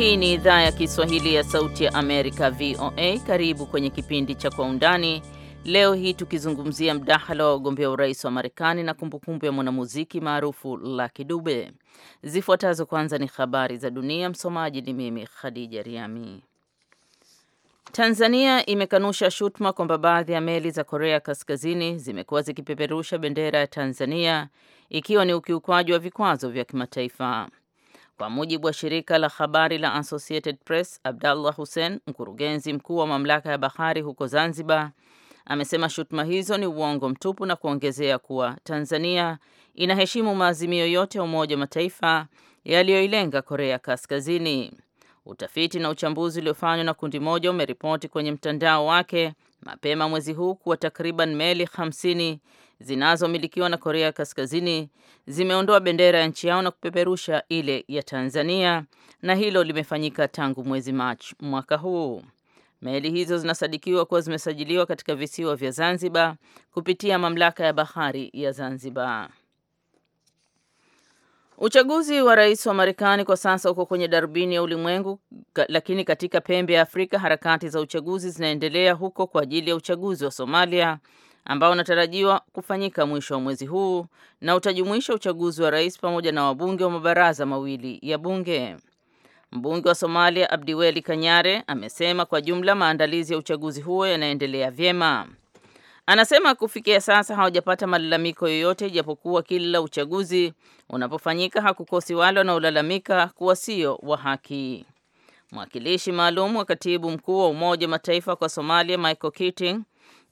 Hii ni idhaa ya Kiswahili ya Sauti ya Amerika, VOA. Karibu kwenye kipindi cha Kwa Undani. Leo hii tukizungumzia mdahalo wa wagombea urais wa Marekani na kumbukumbu ya mwanamuziki maarufu Lucky Dube. Zifuatazo kwanza ni habari za dunia. Msomaji ni mimi Khadija Riami. Tanzania imekanusha shutuma kwamba baadhi ya meli za Korea Kaskazini zimekuwa zikipeperusha bendera ya Tanzania ikiwa ni ukiukwaji wa vikwazo vya kimataifa. Kwa mujibu wa shirika la habari la Associated Press, Abdallah Hussein, mkurugenzi mkuu wa mamlaka ya bahari huko Zanzibar, amesema shutuma hizo ni uongo mtupu na kuongezea kuwa Tanzania inaheshimu maazimio yote ya Umoja wa Mataifa yaliyoilenga Korea Kaskazini. Utafiti na uchambuzi uliofanywa na kundi moja umeripoti kwenye mtandao wake mapema mwezi huu kuwa takriban meli 50 zinazomilikiwa na Korea Kaskazini zimeondoa bendera ya nchi yao na kupeperusha ile ya Tanzania, na hilo limefanyika tangu mwezi Machi mwaka huu. Meli hizo zinasadikiwa kuwa zimesajiliwa katika visiwa vya Zanzibar kupitia mamlaka ya bahari ya Zanzibar. Uchaguzi wa rais wa Marekani kwa sasa uko kwenye darubini ya ulimwengu, lakini katika pembe ya Afrika harakati za uchaguzi zinaendelea huko kwa ajili ya uchaguzi wa Somalia ambao unatarajiwa kufanyika mwisho wa mwezi huu na utajumuisha uchaguzi wa rais pamoja na wabunge wa mabaraza mawili ya bunge. Mbunge wa Somalia Abdiweli Kanyare amesema kwa jumla maandalizi ya uchaguzi huo yanaendelea vyema. Anasema kufikia sasa hawajapata malalamiko yoyote, japokuwa kila uchaguzi unapofanyika hakukosi wale wanaolalamika kuwa sio wa haki. Mwakilishi maalum wa katibu mkuu wa Umoja wa Mataifa kwa Somalia Michael Keating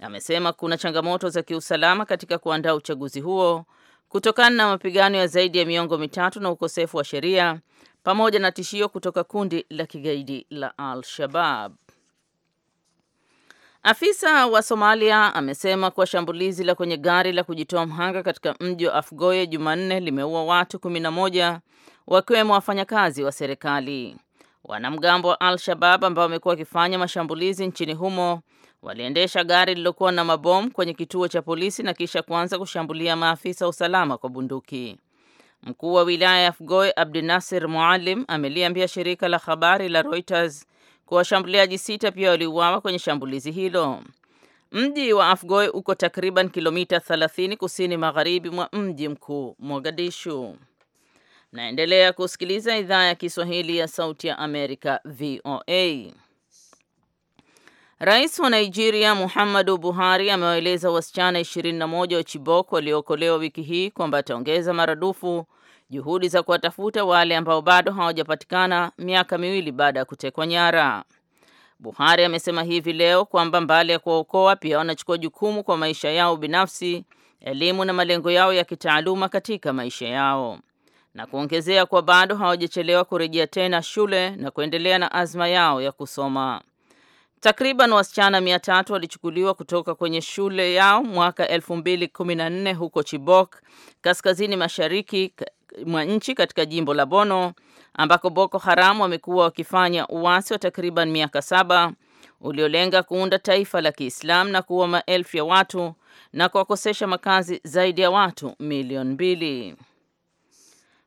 amesema kuna changamoto za kiusalama katika kuandaa uchaguzi huo kutokana na mapigano ya zaidi ya miongo mitatu na ukosefu wa sheria pamoja na tishio kutoka kundi la kigaidi la al shabab Afisa wa Somalia amesema kuwa shambulizi la kwenye gari la kujitoa mhanga katika mji wa Afgoye Jumanne limeua watu 11 wakiwemo wafanyakazi wa serikali. Wanamgambo wa al shabab ambao wamekuwa wakifanya mashambulizi nchini humo waliendesha gari lililokuwa na mabomu kwenye kituo cha polisi na kisha kuanza kushambulia maafisa wa usalama kwa bunduki. Mkuu wa wilaya ya Afgoy Abdinasir Mualim ameliambia shirika la habari la Reuters kuwa washambuliaji sita pia waliuawa kwenye shambulizi hilo. Mji wa Afgoy uko takriban kilomita 30 kusini magharibi mwa mji mkuu Mogadishu. Naendelea kusikiliza idhaa ya Kiswahili ya Sauti ya Amerika, VOA. Rais wa Nigeria Muhammadu Buhari amewaeleza wasichana 21 wa Chibok waliookolewa wiki hii kwamba ataongeza maradufu juhudi za kuwatafuta wale ambao bado hawajapatikana miaka miwili baada ya kutekwa nyara. Buhari amesema hivi leo kwamba mbali ya kuwaokoa pia wanachukua jukumu kwa maisha yao binafsi, elimu na malengo yao ya kitaaluma katika maisha yao, na kuongezea kuwa bado hawajachelewa kurejea tena shule na kuendelea na azma yao ya kusoma. Takriban wasichana mia tatu walichukuliwa kutoka kwenye shule yao mwaka 2014 huko Chibok, kaskazini mashariki mwa nchi katika jimbo la Bono ambako Boko Haram wamekuwa wakifanya uasi wa takriban miaka saba uliolenga kuunda taifa la Kiislamu na kuua maelfu ya watu na kuwakosesha makazi zaidi ya watu milioni mbili.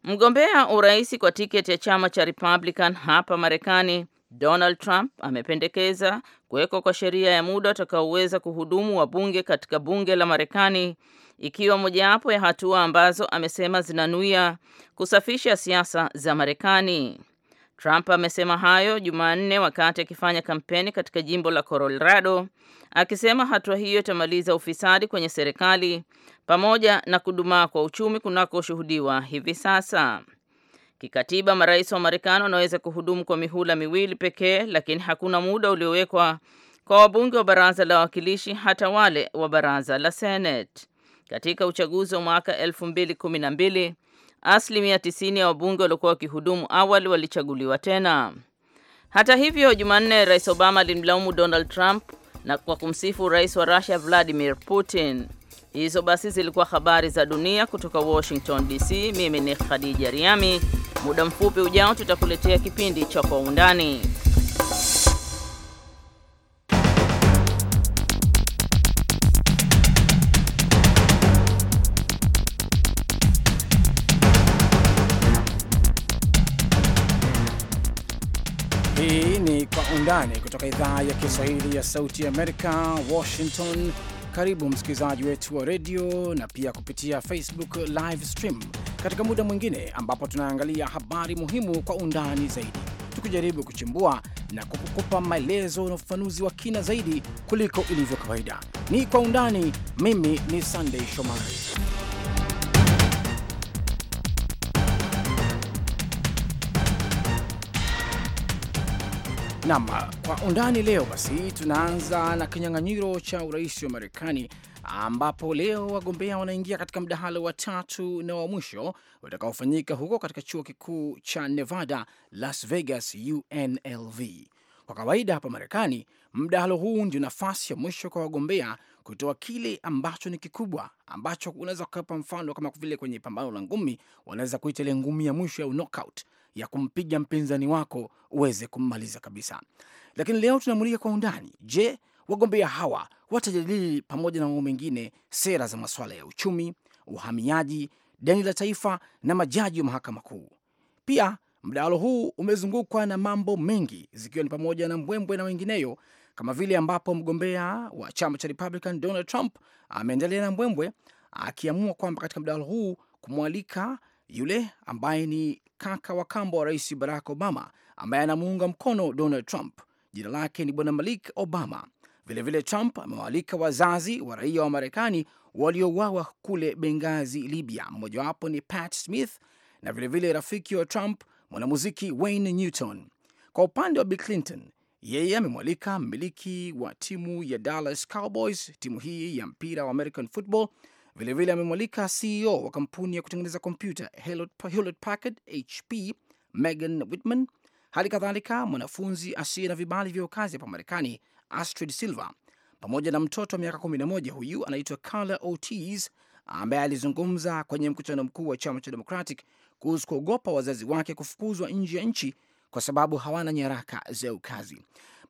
Mgombea urais kwa tiketi ya chama cha Republican hapa Marekani Donald Trump amependekeza kuwekwa kwa sheria ya muda utakaoweza kuhudumu wabunge katika bunge la Marekani, ikiwa mojawapo ya hatua ambazo amesema zinanuia kusafisha siasa za Marekani. Trump amesema hayo Jumanne wakati akifanya kampeni katika jimbo la Colorado, akisema hatua hiyo itamaliza ufisadi kwenye serikali pamoja na kudumaa kwa uchumi kunakoshuhudiwa hivi sasa. Kikatiba marais wa Marekani wanaweza kuhudumu kwa mihula miwili pekee, lakini hakuna muda uliowekwa kwa wabunge wa baraza la wawakilishi hata wale wa baraza la Senate. Katika uchaguzi wa mwaka 2012 asilimia 90 ya wabunge waliokuwa wakihudumu awali walichaguliwa tena. Hata hivyo, Jumanne, Rais Obama alimlaumu Donald Trump na kwa kumsifu rais wa Russia Vladimir Putin. Hizo basi zilikuwa habari za dunia kutoka Washington DC. Mimi ni Khadija Riami. Muda mfupi ujao tutakuletea kipindi cha kwa undani. Hii ni kwa undani kutoka idhaa ya Kiswahili ya Sauti ya Amerika, Washington karibu msikilizaji wetu wa redio na pia kupitia Facebook live stream katika muda mwingine ambapo tunaangalia habari muhimu kwa undani zaidi, tukijaribu kuchimbua na kukupa maelezo na ufafanuzi wa kina zaidi kuliko ilivyo kawaida. Ni kwa undani. Mimi ni sandey Shomari. Nam kwa undani leo. Basi tunaanza na kinyang'anyiro cha urais wa Marekani, ambapo leo wagombea wanaingia katika mdahalo wa tatu na wa mwisho utakaofanyika huko katika chuo kikuu cha Nevada, Las Vegas, UNLV. Kwa kawaida hapa Marekani, mdahalo huu ndio nafasi ya mwisho kwa wagombea kutoa kile ambacho ni kikubwa ambacho unaweza kukapa mfano, kama vile kwenye pambano la ngumi, wanaweza kuita ile ngumi ya mwisho au knockout ya kumpiga mpinzani wako uweze kummaliza kabisa. Lakini leo tunamulika kwa undani, je, wagombea hawa watajadili pamoja na mambo mengine sera za masuala ya uchumi, uhamiaji, deni la taifa na majaji wa mahakama kuu. Pia mdahalo huu umezungukwa na mambo mengi, zikiwa ni pamoja na mbwembwe na wengineyo, kama vile ambapo mgombea wa chama cha Republican Donald Trump ameendelea na mbwembwe akiamua kwamba katika mdahalo huu kumwalika yule ambaye ni kaka wa kambo wa rais Barack Obama ambaye anamuunga mkono Donald Trump. Jina lake ni bwana Malik Obama. Vilevile vile Trump amewaalika wazazi wa raia wa Marekani waliouawa kule Bengazi, Libya. Mmojawapo ni Pat Smith na vilevile vile rafiki wa Trump mwanamuziki Wayne Newton. Kwa upande wa Bill Clinton, yeye amemwalika mmiliki wa timu ya Dallas Cowboys, timu hii ya mpira wa American football Vilevile amemwalika CEO wa kampuni ya kutengeneza kompyuta Hewlett Packard HP Megan Whitman, hali kadhalika mwanafunzi asiye na vibali vya ukazi hapa Marekani Astrid Silva, pamoja na mtoto wa miaka 11 huyu anaitwa Carla Ortiz ambaye alizungumza kwenye mkutano mkuu wa chama cha Democratic kuhusu kuogopa wazazi wake kufukuzwa nje ya nchi kwa sababu hawana nyaraka za ukazi.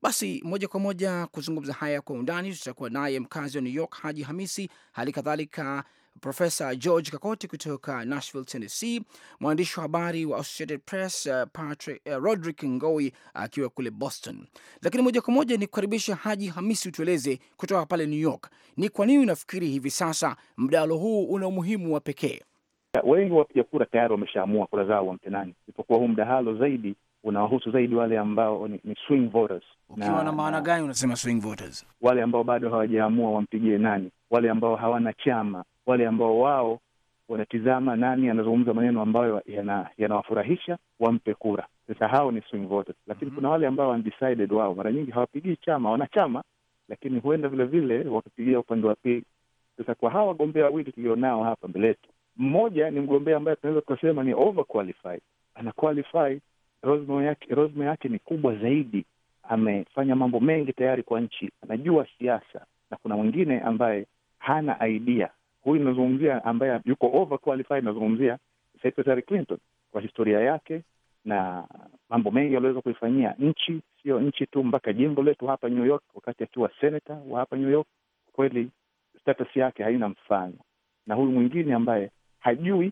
Basi moja kwa moja kuzungumza haya kwa undani, tutakuwa naye mkazi wa New York Haji Hamisi, hali kadhalika Profesa George Kakoti kutoka Nashville, Tennessee, mwandishi wa habari wa Associated Press uh, Patrick, uh, Roderick Ngoi akiwa uh, kule Boston. Lakini moja kwa moja ni kukaribisha Haji Hamisi, utueleze kutoka pale New York, ni kwa nini unafikiri hivi sasa mdahalo huu una umuhimu wa pekee? Wengi wa wapiga kura tayari wameshaamua kura zao wa mtenani, isipokuwa huu mdahalo zaidi unawahusu zaidi wale ambao ni, ni swing voters. Ukiwa na maana gani unasema swing voters? Wale ambao bado hawajaamua wampigie nani, wale ambao hawana chama, wale ambao wao wanatizama nani anazungumza maneno ambayo yanawafurahisha, yana wampe kura. Sasa hao ni swing voters, lakini mm -hmm. kuna wale ambao undecided, wao mara nyingi hawapigii chama, wana chama lakini huenda vilevile wakapigia upande wa pili. Sasa kwa hawa wagombea wawili tulionao hapa mbele yetu, mmoja ni mgombea ambaye tunaweza tukasema ni overqualified, ana qualified Roadmap yake, yake ni kubwa zaidi. Amefanya mambo mengi tayari kwa nchi, anajua siasa, na kuna mwingine ambaye hana idea. Huyu inazungumzia ambaye yuko over qualified, inazungumzia Secretary Clinton kwa historia yake na mambo mengi aliweza kuifanyia nchi, sio nchi tu, mpaka jimbo letu hapa New York, wakati akiwa senata wa hapa New York. Kweli status yake haina mfano, na huyu mwingine ambaye hajui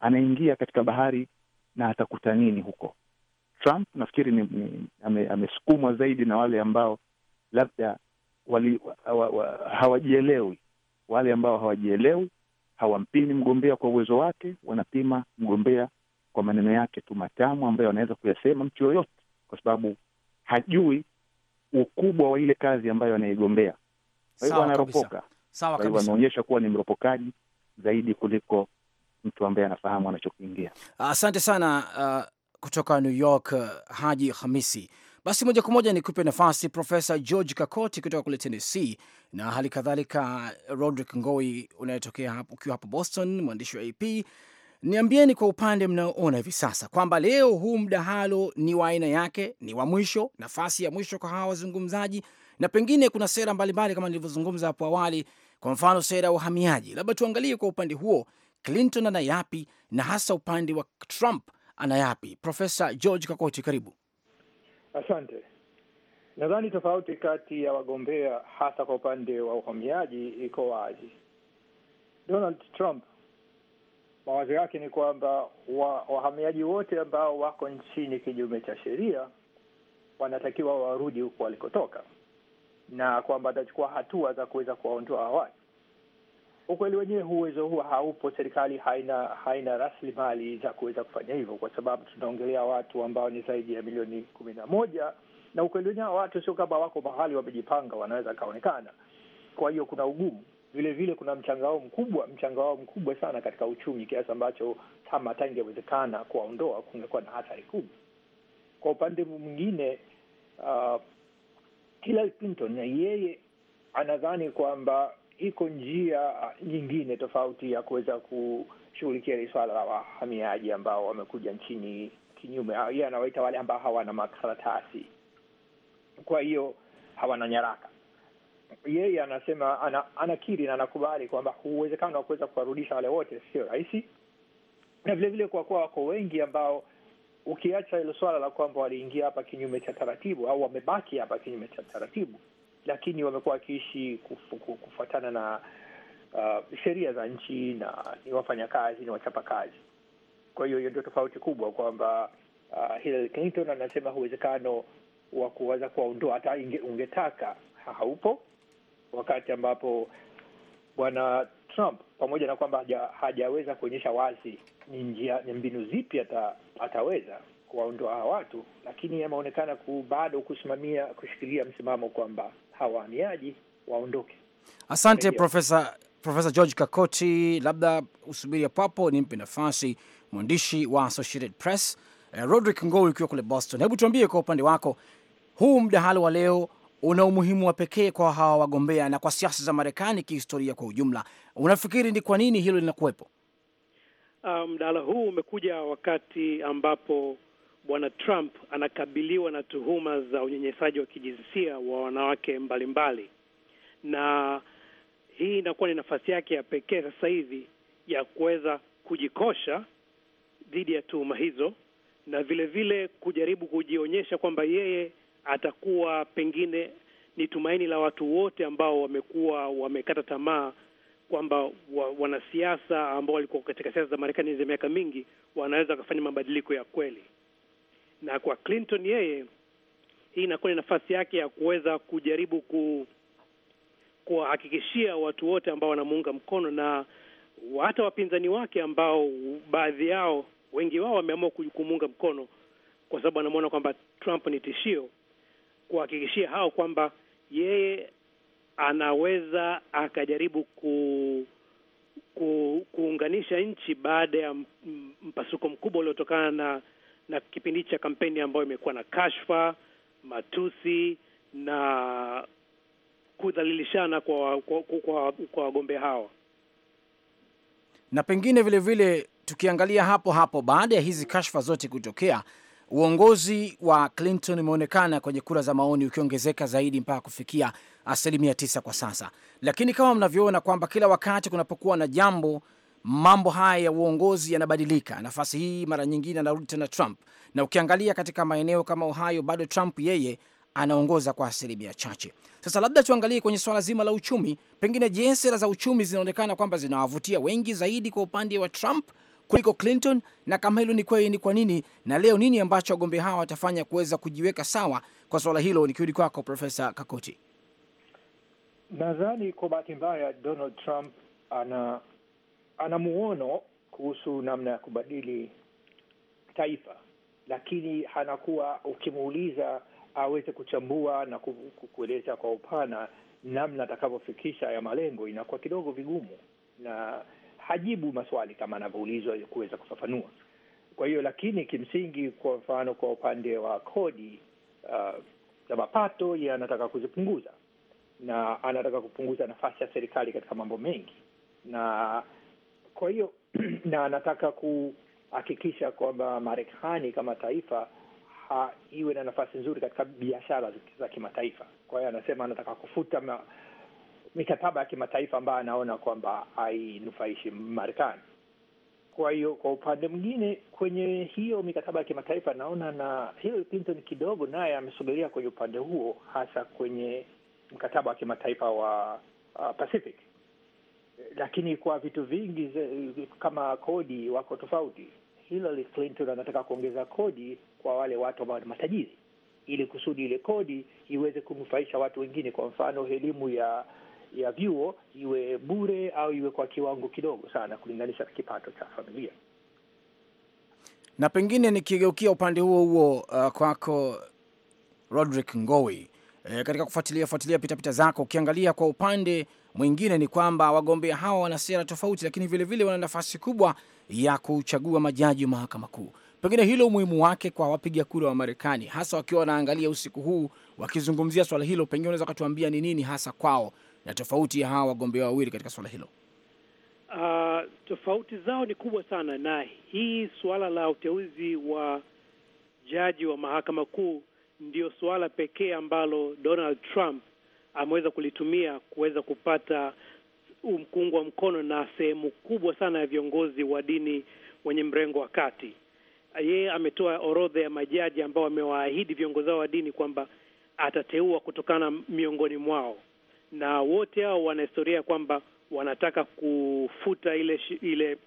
anaingia katika bahari na atakuta nini huko. Trump nafikiri ni, ni, ame, amesukumwa zaidi na wale ambao labda wali, wa, wa, hawajielewi, wale ambao hawajielewi hawampimi mgombea kwa uwezo wake, wanapima mgombea kwa maneno yake tu matamu ambayo anaweza kuyasema mtu yoyote, kwa sababu hajui ukubwa wa ile kazi ambayo anaigombea. Kwa hivyo anaropoka, ameonyesha kuwa ni mropokaji zaidi kuliko mtu ambaye anafahamu anachokiingia. Asante sana uh kutoka New York, eh, Haji Hamisi. Basi moja kwa moja nikupe nafasi Profesa George Kakoti kutoka kule Tennessee na hali kadhalika eh, Rodrick Ngoi unayetokea ukiwa hapo Boston, mwandishi wa AP. Niambieni kwa upande mnaoona hivi sasa kwamba leo huu mdahalo ni wa aina yake, ni wa mwisho, nafasi ya mwisho kwa hawa wazungumzaji, na pengine kuna sera mbalimbali kama nilivyozungumza hapo awali, kwa mfano sera ya uhamiaji. Labda tuangalie kwa upande huo Clinton ana yapi, na hasa upande wa Trump ana yapi? Profesa George Kakoti, karibu. Asante. Nadhani tofauti kati ya wagombea hasa kwa upande wa uhamiaji iko wazi. Donald Trump mawazo yake ni kwamba wa, wahamiaji wote ambao wako nchini kinyume cha sheria wanatakiwa warudi huko walikotoka, na kwamba atachukua hatua za kuweza kuwaondoa watu ukweli wenyewe, huu uwezo huo haupo. Serikali haina haina rasilimali za kuweza kufanya hivyo, kwa sababu tunaongelea watu ambao ni zaidi ya milioni kumi na moja, na ukweli wenyewe watu sio kama wako mahali wamejipanga, wanaweza wakaonekana. Kwa hiyo kuna ugumu vile vile kuna mchangao mkubwa mchangao mkubwa sana katika uchumi kiasi ambacho kama hata ingewezekana kuwaondoa kungekuwa na hatari kubwa. Kwa upande mwingine, uh, Hillary Clinton yeye anadhani kwamba iko njia uh, nyingine tofauti ya kuweza kushughulikia hili swala la wahamiaji ambao wamekuja nchini kinyume, yeye anawaita wale ambao hawana makaratasi, kwa hiyo hawana nyaraka. Yeye anasema ana, anakiri na anakubali kwamba uwezekano wa kuweza kuwarudisha wale wote sio rahisi, na vilevile kwa kuwa wako wengi ambao ukiacha hilo swala la kwamba waliingia hapa kinyume cha taratibu au wamebaki hapa kinyume cha taratibu lakini wamekuwa wakiishi kufu, kufuatana na uh, sheria za nchi na ni wafanyakazi, ni wachapakazi. Kwa hiyo hiyo ndio tofauti kubwa kwamba uh, Hillary Clinton anasema uwezekano wa kuweza kuwaondoa hata ungetaka haupo, wakati ambapo bwana Trump pamoja na kwamba haja, hajaweza kuonyesha wazi ni njia ni mbinu zipi ata, ataweza kuwaondoa hawa watu, lakini ameonekana bado kusimamia kushikilia msimamo kwamba hawahamiaji waondoke. Asante Profesa Profesa George Kakoti, labda usubiri ni nimpe nafasi mwandishi wa Associated Press eh, Rodrick Ngowi, ukiwa kule Boston, hebu tuambie kwa upande wako, huu mdahalo wa leo una umuhimu wa pekee kwa hawa wagombea na kwa siasa za Marekani kihistoria kwa ujumla. Unafikiri ni kwa nini hilo linakuwepo? Ah, mdahalo um, huu umekuja wakati ambapo Bwana Trump anakabiliwa na tuhuma za unyanyasaji wa kijinsia wa wanawake mbalimbali mbali. Na hii inakuwa ni nafasi yake ya pekee sasa hivi ya kuweza kujikosha dhidi ya tuhuma hizo na vile vile kujaribu kujionyesha kwamba yeye atakuwa pengine ni tumaini la watu wote ambao wamekuwa wamekata tamaa kwamba wanasiasa ambao walikuwa katika siasa za Marekani za miaka mingi wanaweza wakafanya mabadiliko ya kweli na kwa Clinton yeye, hii inakuwa ni nafasi yake ya kuweza kujaribu ku kuwahakikishia watu wote ambao wanamuunga mkono na hata wapinzani wake ambao baadhi yao, wengi wao wameamua kumuunga mkono kwa sababu anamwona kwamba Trump ni tishio, kuhakikishia hao kwamba yeye anaweza akajaribu ku, ku, kuunganisha nchi baada ya mpasuko mkubwa uliotokana na na kipindi cha kampeni ambayo imekuwa na kashfa, matusi na kudhalilishana kwa kwa, kwa, kwa wagombea hawa. Na pengine vile vile tukiangalia hapo hapo, baada ya hizi kashfa zote kutokea, uongozi wa Clinton umeonekana kwenye kura za maoni ukiongezeka zaidi mpaka kufikia asilimia tisa kwa sasa, lakini kama mnavyoona kwamba kila wakati kunapokuwa na jambo mambo haya ya uongozi yanabadilika. Nafasi hii mara nyingine anarudi tena Trump, na ukiangalia katika maeneo kama Ohio bado Trump yeye anaongoza kwa asilimia chache. Sasa labda tuangalie kwenye swala zima la uchumi, pengine je, sera za uchumi zinaonekana kwamba zinawavutia wengi zaidi kwa upande wa Trump kuliko Clinton? Na kama hilo ni kweli, ni kwa nini? Na leo nini ambacho wagombea hawa watafanya kuweza kujiweka sawa kwa swala hilo? Nikirudi kwako Profesa Kakoti. Nadhani kwa bahati mbaya Donald Trump ana ana muono kuhusu namna ya kubadili taifa, lakini hanakuwa ukimuuliza aweze kuchambua na kueleza kwa upana namna atakavyofikisha ya malengo, inakuwa kidogo vigumu na hajibu maswali kama anavyoulizwa kuweza kufafanua. Kwa hiyo, lakini kimsingi, kwa mfano, kwa upande wa kodi uh, za mapato, ye anataka kuzipunguza na anataka kupunguza nafasi ya serikali katika mambo mengi na kwa hiyo na anataka kuhakikisha kwamba Marekani kama taifa ha, iwe na nafasi nzuri katika biashara za kimataifa. Kwa hiyo anasema anataka kufuta ma, mikataba ya kimataifa ambayo anaona kwamba hainufaishi Marekani. Kwa hiyo kwa upande mwingine, kwenye hiyo mikataba ya kimataifa naona na Hillary Clinton kidogo naye amesogelea kwenye upande huo, hasa kwenye mkataba wa kimataifa wa uh, Pacific lakini kwa vitu vingi kama kodi wako tofauti. Hillary Clinton anataka kuongeza kodi kwa wale watu ambao ni matajiri, ili kusudi ile kodi iweze kunufaisha watu wengine. Kwa mfano, elimu ya ya vyuo iwe bure au iwe kwa kiwango kidogo sana kulinganisha na kipato cha familia. Na pengine nikigeukia upande huo huo, uh, kwako Rodrick Ngowi, e, eh, katika kufuatilia fuatilia pitapita zako, ukiangalia kwa upande Mwingine ni kwamba wagombea hawa wana sera tofauti, lakini vilevile wana nafasi kubwa ya kuchagua majaji wa mahakama kuu. Pengine hilo umuhimu wake kwa wapiga kura wa Marekani, hasa wakiwa wanaangalia usiku huu wakizungumzia swala hilo, pengine unaweza ukatuambia ni nini hasa kwao na tofauti ya hawa wagombea wawili katika swala hilo? Uh, tofauti zao ni kubwa sana, na hii suala la uteuzi wa jaji wa mahakama kuu ndio suala pekee ambalo Donald Trump ameweza kulitumia kuweza kupata kuungwa mkono na sehemu kubwa sana ya viongozi wa dini wenye mrengo wa kati. Yeye ametoa orodha ya majaji ambao amewaahidi viongozi hao wa dini kwamba atateua kutokana miongoni mwao, na wote hao wana historia kwamba wanataka kufuta ile ile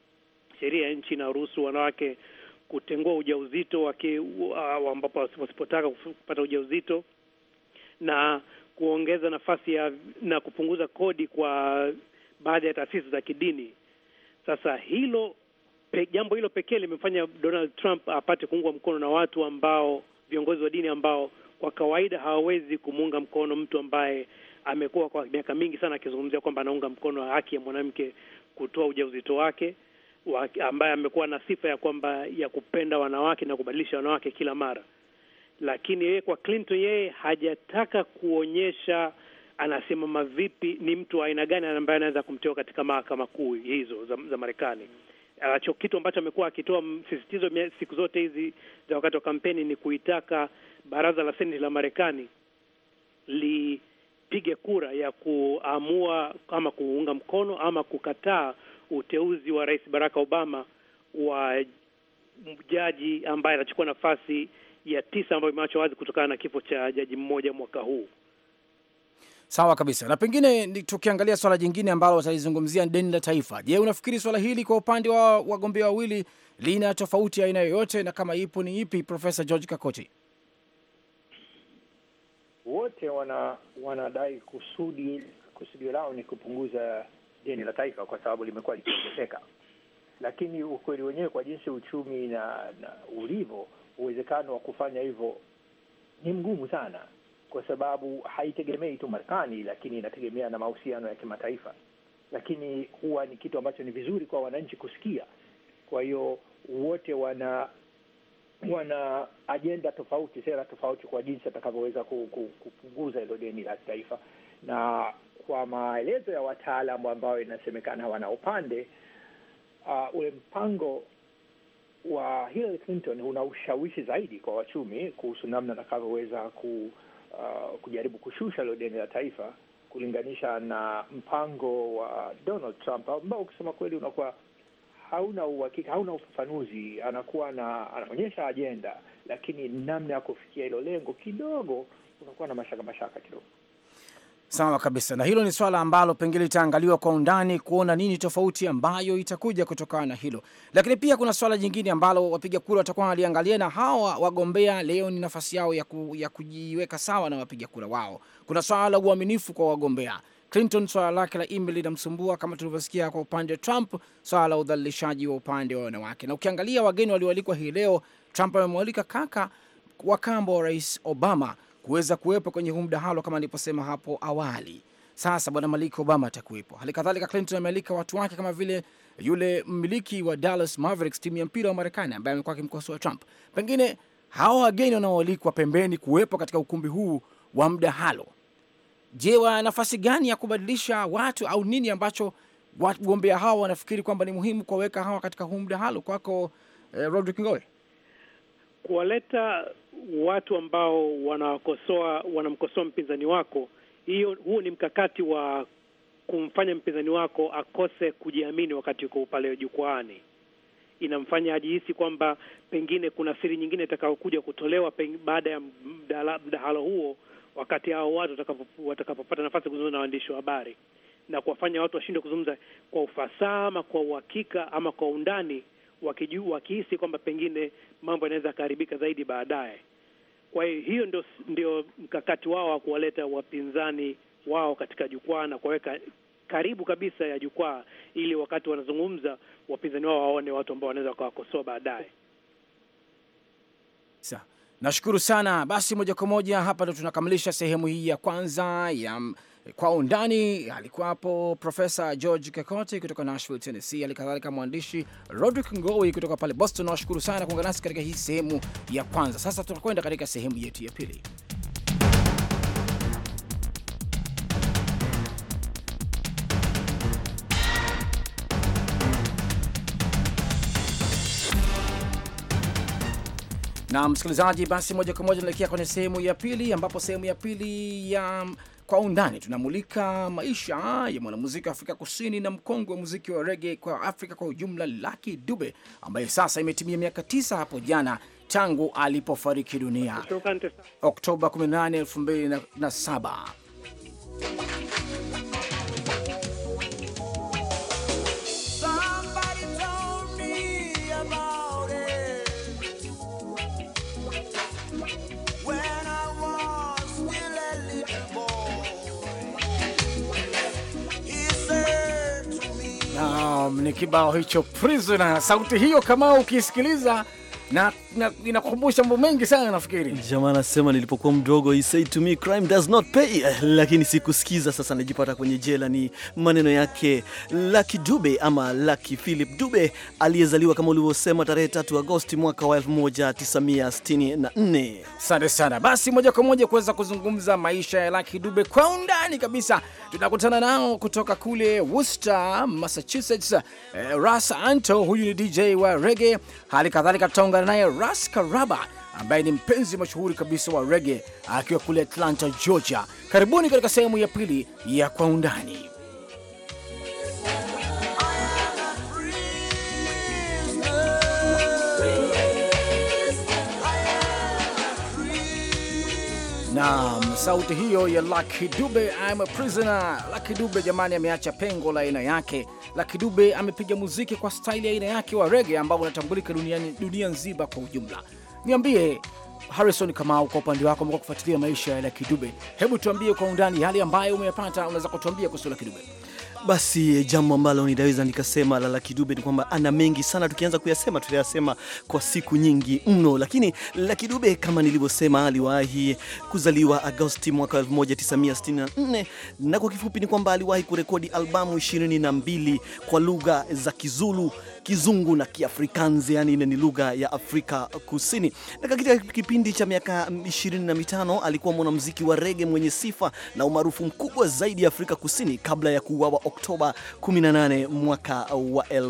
sheria ya nchi inaruhusu wanawake kutengua ujauzito wake ambapo wasipotaka kupata ujauzito na kuongeza nafasi ya na kupunguza kodi kwa baadhi ya taasisi za kidini. Sasa hilo pe, jambo hilo pekee limefanya Donald Trump apate kuungwa mkono na watu ambao, viongozi wa dini ambao kwa kawaida hawawezi kumuunga mkono mtu ambaye amekuwa kwa miaka mingi sana akizungumzia kwamba anaunga mkono haki ya mwanamke kutoa ujauzito wake wa, ambaye amekuwa na sifa ya kwamba ya kupenda wanawake na kubadilisha wanawake kila mara lakini yeye kwa Clinton, yeye hajataka kuonyesha anasimama vipi, ni mtu wa aina gani ambaye anaweza kumteua katika mahakama kuu hizo za, za Marekani. acho kitu ambacho amekuwa akitoa msisitizo siku zote hizi za wakati wa kampeni ni kuitaka baraza la seneti la Marekani lipige kura ya kuamua ama kuunga mkono ama kukataa uteuzi wa Rais Barack Obama wa jaji ambaye anachukua nafasi ya tisa ambayo imeachwa wazi kutokana na kifo cha jaji mmoja mwaka huu. Sawa kabisa. Na pengine tukiangalia swala jingine ambalo watalizungumzia deni la taifa. Je, unafikiri swala hili kwa upande wa wagombea wawili lina tofauti aina yoyote, na kama ipo ni ipi, Profesa George Kakoti? Wote wana wanadai kusudi kusudio lao ni kupunguza deni la taifa kwa sababu limekuwa likiongezeka, lakini ukweli wenyewe kwa jinsi uchumi na, na ulivyo uwezekano wa kufanya hivyo ni mgumu sana, kwa sababu haitegemei tu Marekani, lakini inategemea na mahusiano ya kimataifa. Lakini huwa ni kitu ambacho ni vizuri kwa wananchi kusikia. Kwa hiyo wote wana wana ajenda tofauti, sera tofauti kwa jinsi atakavyoweza kupunguza hilo deni la kitaifa. Na kwa maelezo ya wataalamu ambao inasemekana wana upande uh, ule mpango wa Hillary Clinton una ushawishi zaidi kwa wachumi kuhusu namna atakavyoweza ku, uh, kujaribu kushusha hilo deni la taifa kulinganisha na mpango wa Donald Trump ambao ukisema kweli unakuwa hauna uhakika, hauna ufafanuzi. Anakuwa na anaonyesha ajenda, lakini namna ya kufikia hilo lengo kidogo unakuwa na mashaka mashaka kidogo. Sawa kabisa, na hilo ni swala ambalo pengine litaangaliwa kwa undani kuona nini tofauti ambayo itakuja kutokana na hilo. Lakini pia kuna swala jingine ambalo wapiga kura watakuwa waliangalia, na hawa wagombea leo ni nafasi yao ya, ku, ya kujiweka sawa na wapiga kura wao. Kuna swala la uaminifu kwa wagombea. Clinton swala lake la email linamsumbua kama tulivyosikia. Kwa upande wa Trump swala la udhalilishaji wa upande wa wanawake, na ukiangalia wageni walioalikwa hii leo, Trump amemwalika kaka wa kambo wa rais Obama kuweza kuwepo kwenye huu mdahalo kama nilivyosema hapo awali. Sasa bwana Malik Obama atakuwepo, hali kadhalika Clinton amealika watu wake kama vile yule mmiliki wa Dallas Mavericks, timu ya mpira wa Marekani, ambaye amekuwa akimkosoa Trump. Pengine hawa wageni wanaoalikwa pembeni kuwepo katika ukumbi huu wa mdahalo, je, wana nafasi gani ya kubadilisha watu au nini ambacho wagombea hawa wanafikiri kwamba ni muhimu kuwaweka hawa katika huu mdahalo? Kwako eh, Rodrick Ngoe, kuwaleta watu ambao wanawakosoa wanamkosoa mpinzani wako, hiyo huu ni mkakati wa kumfanya mpinzani wako akose kujiamini wakati uko pale jukwaani. Inamfanya ajihisi kwamba pengine kuna siri nyingine itakayokuja kutolewa baada ya mdahalo huo, wakati hao watu watakapopata nafasi kuzungumza na waandishi wa habari, na kuwafanya watu washindwe kuzungumza kwa ufasaha ama kwa uhakika ama kwa undani wakijua, wakihisi kwamba pengine mambo yanaweza yakaharibika zaidi baadaye. Kwa hiyo hiyo ndio, ndio mkakati wao wa kuwaleta wapinzani wao katika jukwaa na kuwaweka karibu kabisa ya jukwaa, ili wakati wanazungumza wapinzani wao waone watu ambao wanaweza wakawakosoa baadaye. Nashukuru sana. Basi moja kwa moja hapa ndo tunakamilisha sehemu hii ya kwanza ya kwa undani alikuwa hapo Profesa George kekoti kutoka Nashville, Tennessee, alikadhalika mwandishi Rodrick Ngowi kutoka pale Boston. Nawashukuru sana kuungana nasi katika hii sehemu ya kwanza. Sasa tunakwenda katika sehemu yetu ya pili. Na msikilizaji, basi moja kwa moja unaelekea kwenye sehemu ya pili, ambapo sehemu ya pili ya kwa undani tunamulika maisha ya mwanamuziki wa Afrika Kusini na mkongwe wa muziki wa rege kwa Afrika kwa ujumla, Lucky Dube ambaye sasa imetimia miaka tisa hapo jana tangu alipofariki dunia Oktoba 18, 2007. ni kibao hicho Prisoner. Sauti hiyo kama ukisikiliza na, na inakumbusha mambo mengi sana nafikiri. Jamaa anasema nilipokuwa mdogo he said to me crime does not pay, lakini sikusikiza, sasa najipata kwenye jela. Ni maneno yake Lucky Dube ama Lucky Philip Dube aliyezaliwa kama ulivyosema tarehe 3 Agosti mwaka wa 1964. Asante sana. Basi moja kwa moja kuweza kuzungumza maisha ya Lucky Dube kwa undani kabisa, tunakutana nao kutoka kule Worcester, Massachusetts. Eh, Ras Anto huyu ni DJ wa reggae, hali kadhalika Tonga tunaungana naye Ras Karaba ambaye ni mpenzi mashuhuri kabisa wa rege akiwa kule Atlanta, Georgia. Karibuni katika sehemu ya pili ya Kwa Undani. Naam, sauti hiyo ya Lucky Dube, I'm a prisoner. Lucky Dube jamani, ameacha pengo la aina yake. Lucky Dube amepiga muziki kwa staili ya aina yake wa rege ambao unatambulika duniani, dunia nzima kwa ujumla. Niambie Harrison Kamau, kwa upande wako umekuwa kufuatilia maisha ya Lucky Dube, hebu tuambie kwa undani yale ambayo umeyapata, unaweza kutuambia kuhusu Lucky Dube? Basi jambo ambalo ninaweza nikasema la lakidube ni kwamba ana mengi sana, tukianza kuyasema tutayasema kwa siku nyingi mno, lakini Lala Kidube kama nilivyosema, aliwahi kuzaliwa Agosti mwaka 1964 na kwa kifupi ni kwamba aliwahi kurekodi albamu 22 kwa lugha za Kizulu Kizungu na Kiafrikanzi, yani ni lugha ya Afrika Kusini. Na katika kipindi cha miaka ishirini na mitano alikuwa mwanamuziki wa rege mwenye sifa na umaarufu mkubwa zaidi ya Afrika Kusini kabla ya kuuawa Oktoba 18 mwaka wa eh,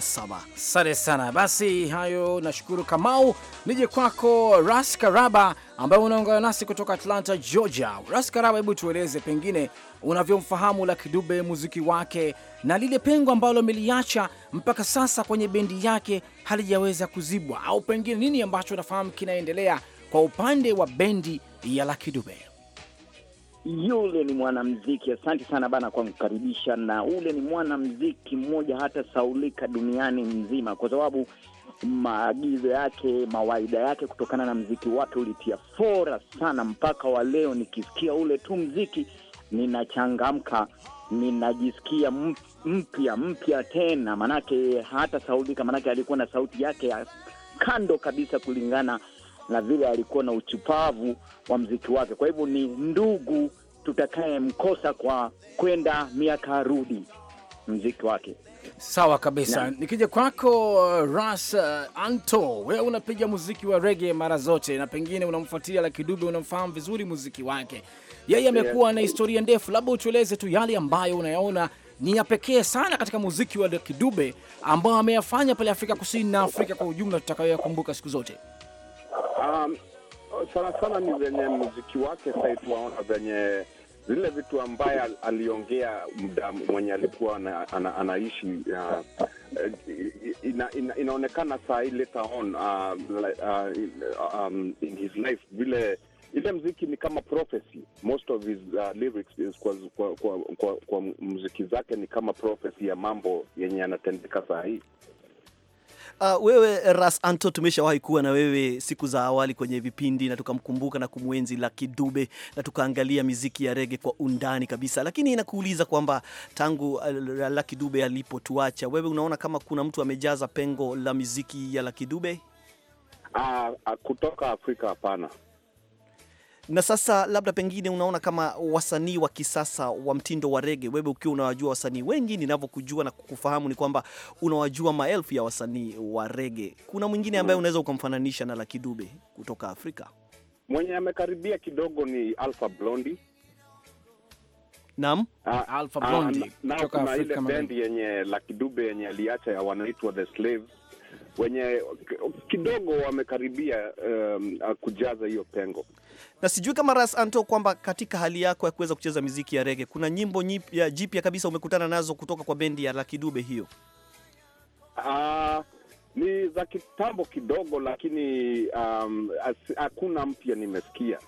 saba. Asante sana. Basi hayo nashukuru Kamau, nije kwako Ras Karaba ambaye unaungana nasi kutoka Atlanta, Georgia. Raskaraba, hebu tueleze pengine unavyomfahamu Lucky Dube, muziki wake na lile pengo ambalo ameliacha mpaka sasa kwenye bendi yake halijaweza kuzibwa, au pengine nini ambacho unafahamu kinaendelea kwa upande wa bendi ya Lucky Dube? Yule ni mwanamziki, asante sana bana kwa kukaribisha, na ule ni mwanamziki mmoja hata saulika duniani nzima kwa sababu maagizo yake, mawaida yake kutokana na mziki wake ulitia fora sana. Mpaka wa leo nikisikia ule tu mziki ninachangamka, ninajisikia mpya mpya tena, manake hata saudika manake alikuwa na sauti yake ya kando kabisa kulingana na vile alikuwa na uchupavu wa mziki wake. Kwa hivyo ni ndugu tutakaye mkosa kwa kwenda miaka rudi mziki wake. Sawa kabisa. Nikija kwako uh, Ras uh, Anto, wewe unapiga muziki wa rege mara zote, na pengine unamfuatilia Lucky Dube, unamfahamu vizuri muziki wake. Yeye amekuwa yeah, na historia ndefu. Labda utueleze tu yale ambayo unayaona ni ya pekee sana katika muziki wa Lucky Dube ambao ameyafanya pale Afrika Kusini na Afrika kwa ujumla, tutakayoyakumbuka siku zote. Um, sana sana ni venye muziki wake sasa tunaona venye zile vitu ambaye aliongea mda mwenye alikuwa ana, ana, anaishi uh, ina, ina, inaonekana saa hii later on uh, uh, um, in his life vile ile mziki ni kama prophecy most of his uh, lyrics is kwa, kwa, kwa, kwa, kwa mziki zake ni kama prophecy ya mambo yenye yanatendeka saa hii Uh, wewe Ras Anto, tumeshawahi kuwa na wewe siku za awali kwenye vipindi na tukamkumbuka na kumwenzi Lucky Dube na tukaangalia miziki ya rege kwa undani kabisa, lakini inakuuliza kwamba tangu ah, Lucky Dube alipotuacha, wewe unaona kama kuna mtu amejaza pengo la miziki ya Lucky Dube? Uh, kutoka Afrika hapana. Na sasa labda pengine unaona kama wasanii wa kisasa wa mtindo wa rege, wewe ukiwa unawajua wasanii wengi, ninavyokujua na kukufahamu ni kwamba unawajua maelfu ya wasanii wa rege, kuna mwingine ambaye mm-hmm. unaweza ukamfananisha na Lucky Dube kutoka Afrika? Mwenye amekaribia kidogo ni Alpha Blondy. Naam, ah, Alpha ah, Blondy kutoka Afrika. Ile bendi yenye Lucky Dube yenye aliacha ya wanaitwa The Slaves wenye kidogo wamekaribia um, kujaza hiyo pengo na sijui kama Ras Anto, kwamba katika hali yako ya kuweza kucheza miziki ya rege, kuna nyimbo jipya kabisa umekutana nazo kutoka kwa bendi ya Lucky Dube hiyo? Uh, ni za kitambo kidogo, lakini um, hakuna mpya nimesikia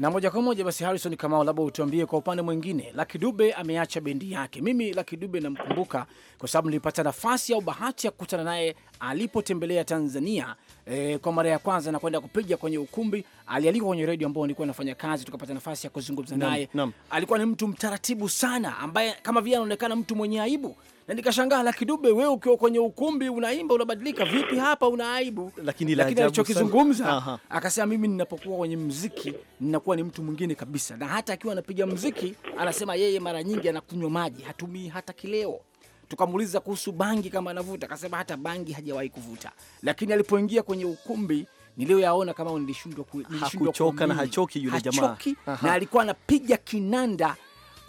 na moja kwa moja basi, Harrison Kamau, labda utuambie kwa upande mwingine, Lucky Dube ameacha bendi yake. Mimi Lucky Dube namkumbuka kwa sababu nilipata nafasi au bahati ya kukutana naye alipotembelea Tanzania e, kwa mara ya kwanza na kwenda kupiga kwenye ukumbi. Alialikwa kwenye redio ambao nilikuwa nafanya kazi, tukapata nafasi ya kuzungumza naye. Alikuwa ni mtu mtaratibu sana, ambaye kama vile anaonekana mtu mwenye aibu na nikashangaa, Lucky Dube, wewe ukiwa kwenye ukumbi unaimba unabadilika vipi hapa, una aibu? Lakini alichokizungumza akasema, mimi ninapokuwa kwenye mziki ninakuwa ni mtu mwingine kabisa, na hata akiwa anapiga mziki anasema yeye mara nyingi anakunywa maji, hatumii hata kileo tukamuuliza kuhusu bangi kama anavuta, akasema hata bangi hajawahi kuvuta, lakini alipoingia kwenye ukumbi niliyoyaona kama nilishindwa kuchoka na hachoki yule jamaa, na alikuwa anapiga kinanda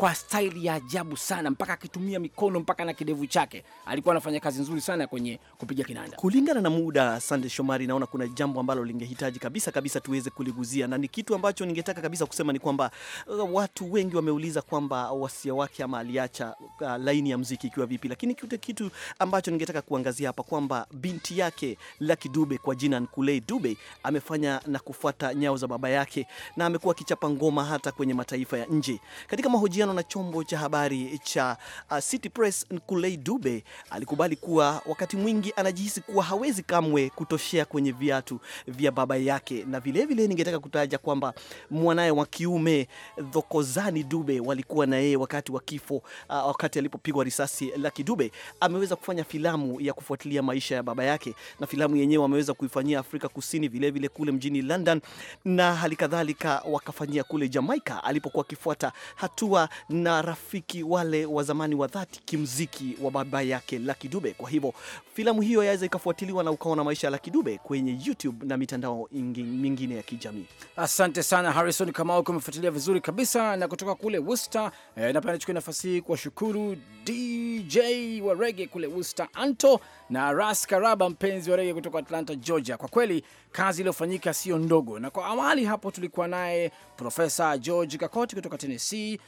kwa staili ya ajabu sana, mpaka akitumia mikono mpaka na kidevu chake. Alikuwa anafanya kazi nzuri sana kwenye kupiga kinanda. Kulingana na muda, Sande Shomari, naona kuna jambo ambalo lingehitaji kabisa kabisa tuweze kuliguzia, na ni kitu ambacho ningetaka kabisa kusema ni kwamba uh, watu wengi wameuliza kwamba wasia wake ama aliacha uh, laini ya mziki ikiwa vipi, lakini kitu, kitu ambacho ningetaka kuangazia hapa kwamba binti yake Lucky Dube kwa jina Nkulei Dube amefanya na kufuata nyao za baba yake na amekuwa akichapa ngoma hata kwenye mataifa ya nje. Katika mahojiano mahojiano na chombo cha habari cha uh, City Press, Nkulei Dube alikubali kuwa wakati mwingi anajihisi kuwa hawezi kamwe kutoshea kwenye viatu vya baba yake, na vilevile ningetaka kutaja kwamba mwanaye wa kiume Dhokozani Dube walikuwa na yeye wakati wa kifo uh, wakati alipopigwa risasi. Lucky Dube ameweza kufanya filamu ya kufuatilia maisha ya baba yake, na filamu yenyewe ameweza kuifanyia Afrika Kusini, vilevile vile kule mjini London na halikadhalika wakafanyia kule Jamaica alipokuwa akifuata hatua na rafiki wale wa zamani wa dhati kimziki wa baba yake Lucky Dube. Kwa hivyo filamu hiyo yaweza ikafuatiliwa na ukaona maisha ya Lucky Dube kwenye YouTube na mitandao mingine ya kijamii. Asante sana Harrison Kamau, kumefuatilia vizuri kabisa. Na kutoka kule Worcester eh, napenda chukua nafasi hii kuwashukuru DJ wa rege kule Worcester, Anto na Ras Karaba, mpenzi wa rege kutoka Atlanta, Georgia. Kwa kweli kazi iliyofanyika siyo ndogo. Na kwa awali hapo tulikuwa naye Profesa George Kakoti kutoka Tennessee,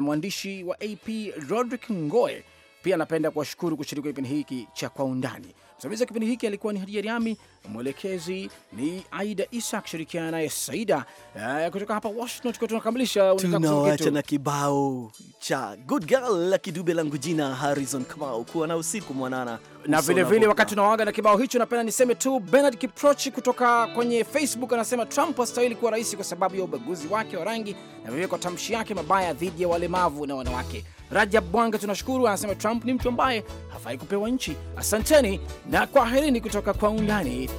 mwandishi wa AP Rodrick Ngoe. Pia napenda kuwashukuru kushiriki kipindi hiki cha Kwa Undani. Msimamizi wa kipindi hiki alikuwa ni Hadija Riami, mwelekezi ni Aida Isa akishirikiana naye Saida. Uh, kutoka hapa Washington tukiwa tunakamilisha, tunawacha na kibao cha Good Girl la Kidube langu jina Harrison Kamau. Kuwa na usiku mwanana na vilevile, wakati tunawaga na kibao hicho, napenda niseme tu Bernard Kiprochi kutoka kwenye Facebook anasema Trump hastahili kuwa rais kwa sababu ya ubaguzi wake wa rangi na vilevile kwa tamshi yake mabaya dhidi ya walemavu na wanawake. Rajab Bwanga tunashukuru, anasema Trump ni mtu ambaye hafai kupewa nchi. Asanteni na kwaherini kutoka kwa undani